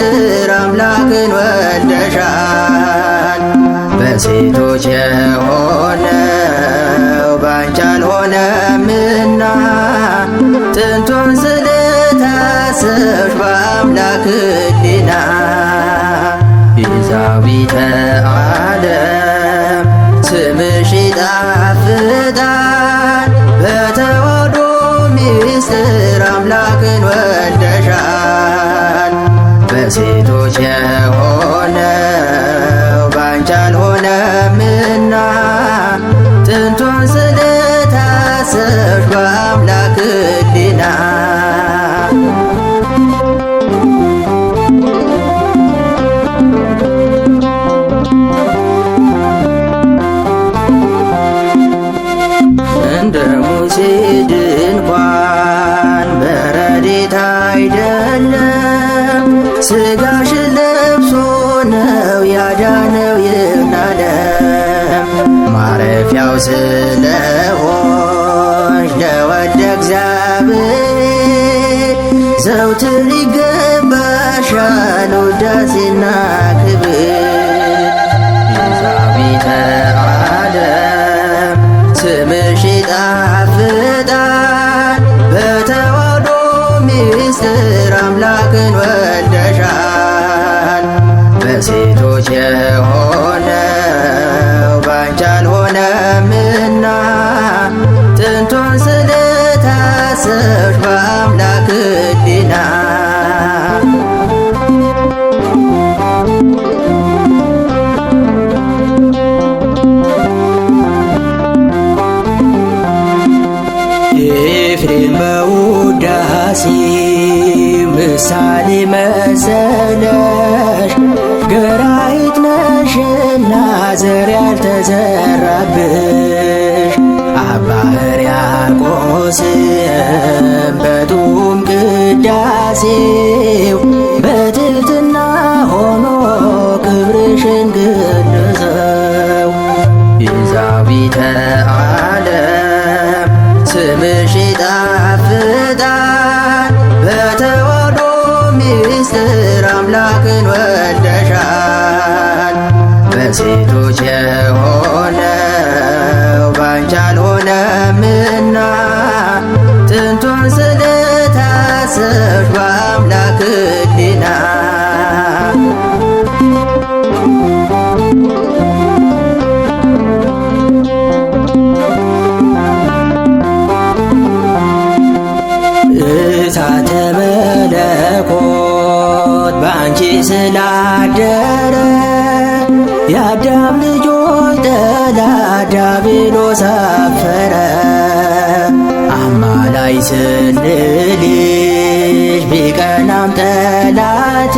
ዘወትር አምላክን ወልደሻል። በሴቶች የሆነው ባንቺ አልሆነምና ጥንቱን ስለታሰብሽ በአምላክ ሕሊና ቤዛዊተ ዓለም ስምሽ ይጣፍጣል። ስጋሽን ለብሶ ነው ያዳነው ይናለም ማረፊያው ስለሆንሽ ለወልደ እግዚአብሔር ዘውትር ይገባሻል ውዳሴና ክብር። ቤዛዊተ ዓለም ስምሽ ይጣፍጣል በተዋሕዶ ምስጢር አምላክን አትረሳምና ጥንቱን ስለታሰብሽ በአምላክ ሕሊና ኤፍሬም በውዳሴ ምሳሌ መሰለሽ ገራ ዘር ያልተዘራብሽ አባ ሕርያቆስም በጡም ቅዳሴ ለሴቶች የሆነው ባንቺ አልሆነምና ጥንቱን ስለታሰብሽ በአምላክ ሕሊና እሳተ መለኮት በአንቺ ስላደ የአዳም ልጆች ጠላት ዲያብሎስ አፈረ። አማላይ ስንልሽ ቢቀናም ጠላት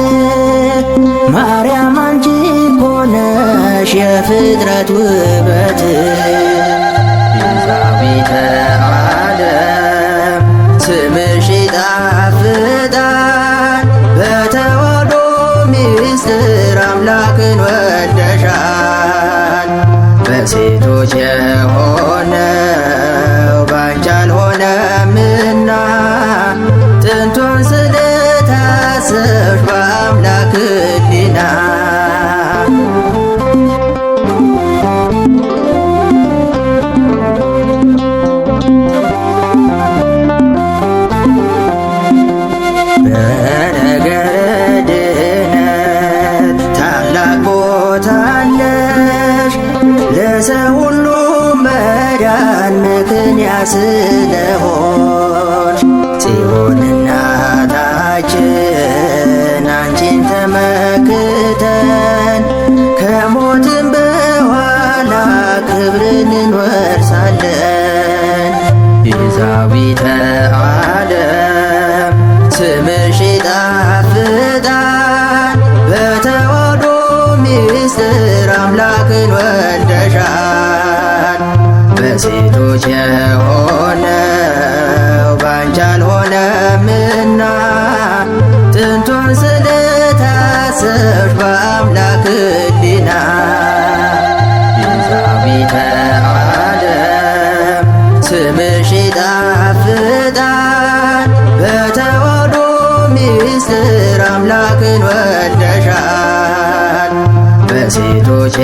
ማርያም አንቺ እኮ ነሽ የፍጥረት ውበት ቤዛዊተ 首先。ስለሆን ጽዮን እናታችን አንቺን ተመክተን ከሞትን በኋላ ክብርን እንወርሳለን። ቤዛዊተ ዓለም ስምሽ ይጣፍጣል በተዋሕዶ ምስጢር አምላክን ወልደሻል በሴቶች አንቺ አልሆነምና ጥንቱን ስለታሰብሽ በአምላክ ሕሊና ቤዛዊተ ዓለም ስምሽ ይጣፍጣል በተዋሕዶ ምስጢር አምላክን ወልደሻል በሴቶች